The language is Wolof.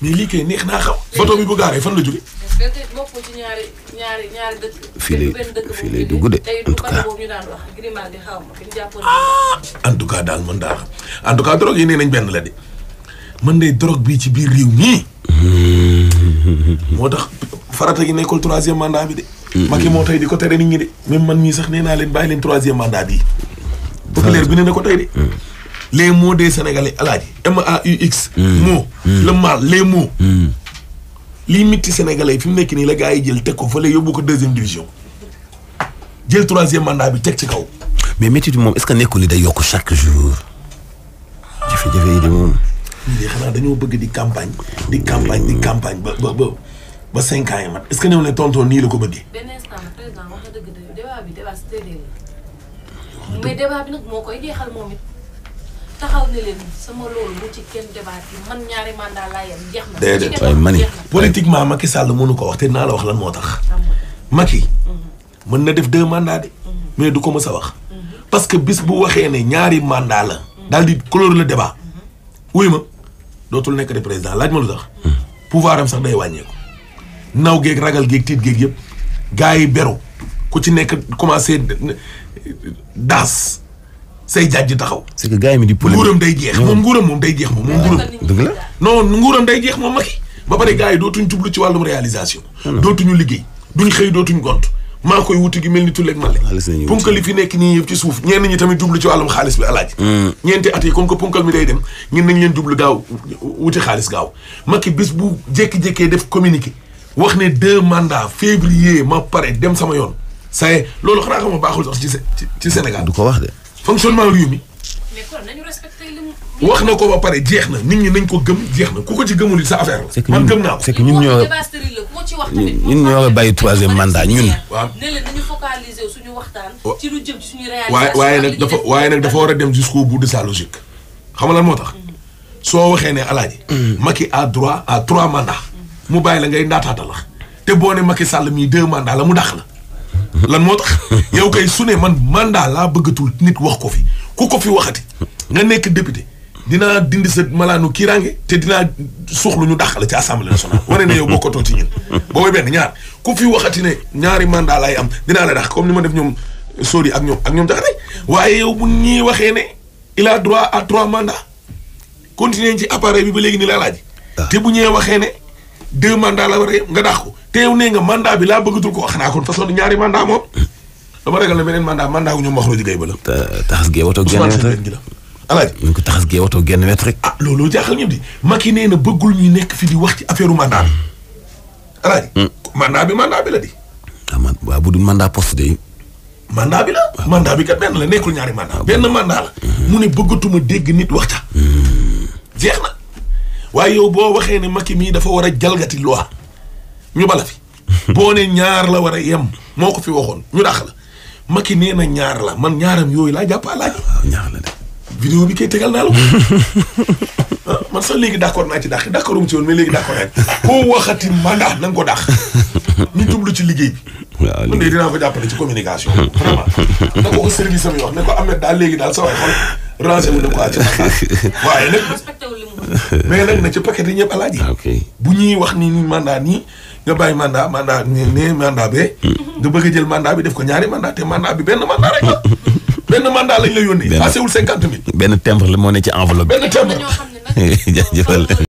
mais lii kay neex naa xaw bato bi bu gaaree fan la jóge fii lay fii lay dugg de en tout cas ah, en tout cas daal mën daa xam en tout cas drogue yi nee nañ benn la de man de drogue bii ci biir réew mii moo tax farata gi nekkul troisième mandat bi de Macky moo tey di ko tere nit ñi de même man mii sax nee naa leen bàyyi leen troisième mandat bii populaire bi ne ko tey de mm. les mots des sénégalais Aladi, M A U X. Hmm. mot hmm. le mal les mots. Hmm. lii mitti sénégalais yi fi mu nekk nii gars yi jël teg ko fële yóbbu ko deuxième division jël troisième mandat bi teg ci kaw. mais métti bi moom est-ce que nekkul ni day yokk chaque jour. jafe des yi de moom. lii xanaa dañoo bëgg di campagne. di campagne di campagne ba ba ba ba cinq ans yi est-ce que néew ne tonton nii la ko bëggee. benn instant président wax dëgg débat bi débat mais débat bi nag moo koy jeexal moom it taxaw ne leen sama loolu bu ci kenn débat yi man ñaari mandat laa yem jeex na. déedéet waaye mani politiquement Macky Sall mënu ko wax te naa la wax lan moo tax. Macky mhm. mën na def deux mandats de. Mhm. mais du ko mës a wax. Mhm. parce que bis bu waxee ne ñaari mandat la. daal di colorer la débat. wuy ma dootul nekk de président laaj ma lu tax. Hmm. pouvoir sax day wàññeeku. naw geeg ragal geeg tiit geeg yëpp. gars yi beru ku ci nekk commencé daas. say jaaj di taxaw. c'est que gars yi mi di polémique nguuram day jeex moom nguuram moom day jeex moom moom nguuram. dëgg la non nguuram day jeex moom Macky. ba pare gars yi dootuñ jublu ci wàllum réalisation. dootuñu liggéey duñ xëy dootuñ gont. maa koy wuti gi mel ni tulleeg male punkal fi nekk nii yëpp ci suuf ñenn ñi tamit jublu ci wàllum xaalis bi alaaj hmm. ñeenti at yi comme que punkal mi day dem ñun nañ leen jublu gaaw wuti xaalis gaaw Macky bis bu jékki-jékkee def communiqué wax ne deux mandats février ma pare dem sama yoon saye loolu xanaa xama nga baaxul sax ci ci Sénégal du ko wax de fonctionnement réew mi. li wax na ko ba pare jeex na nit ñi nañ ko gëm jeex na ku ko ci gëmul sa affaire la. man gëm naa ko c'est que ñun ñoo. ñun ñoo la bàyyi troisième mandat ñun. waaw ne leen nañu focaliser suñu waaye nag dafa waaye nag dafa war a dem jusqu'au bout de sa logique. xam nga lan moo tax. Mhm. soo waxee ne alaaji. Mhm. Macky a droit à trois mandats. mu bàyyi la ngay ndaataata la. te boo ne Macky Sall mii deux mandats la mu dax na lan moo tax yow kay su ne man mandat laa bëggatul nit wax ko fi ku ko fi waxati nga nekk député dinaa dindi sa malaanu kiiraange te dinaa suuxlu ñu dàq la ci assemblée nationale wane ne yow bokkatoo ci ñun boobu benn ñaar ku fi waxati ne ñaari mandat laay am dinaa la dàq comme ni ma def ñoom sori ak ñoom ak ñoom jaxate waaye yow bu ñuy waxee ne il a droit à trois mandats continuer ci appareil bi ba léegi ni la laaj ah. te bu ñee waxee ne deux mandats la waré nga dakh ko te yow nee nga mandat bi la bëggatul ko xana kon façon ñaari mandat mom dama ragal na beneen mandat mandat wu ñu wax roju gay ba la taxas gee wato genn alaaj ñu ko taxas gee wato genn wet rek ah lolu jaxal ñëpp di Maki né na bëggul ñu nekk fi di wax ci affaireu mandat alaaj hmm. mandat bi mandat bi la di wa bu dul mandat poste de mandat bi la mandat bi kat benn la nekkul ñaari mandat ah, benn mandat la hmm. mu ne bëggatuma dégg nit wax ca hmm. jeex na waaye yow boo waxee ne makki mii dafa war a jalgati loi ñu bala fi. boo ne ñaar la war a yem moo ko fi waxoon ñu dàq la Macky nee na ñaar la man ñaaram yooyu laa jàpp ak ah, ñaar la de. vidéo bi kay tegal naa la ko ah, man sax léegi d'accord naa ci dàq d'accord mu ci woon mais léegi d'accord naa ci. koo na nga ko dàq. ñu jublu ci liggéey bi. waaw man de dinaa ko jàppale ci communication. vraiment da ko ko am yi daal léegi daal sa waay xool. ranger ne ko àcc waaye nag. mais nag na ci paquet yi ñëpp alaaji. Ah, ok bu ñuy wax ni mandat nii nga bàyyi mandat mandat ne mandat bee. Mm-hmm. nga bëgg a jël mandat bi def ko ñaari mandat te mandat bi benn mandat rek la. benn mandat lañ la yónnee. benn passé wul cinquante mille. benn timbre la moo ne ci enveloppe. benn timbre. jaajëfal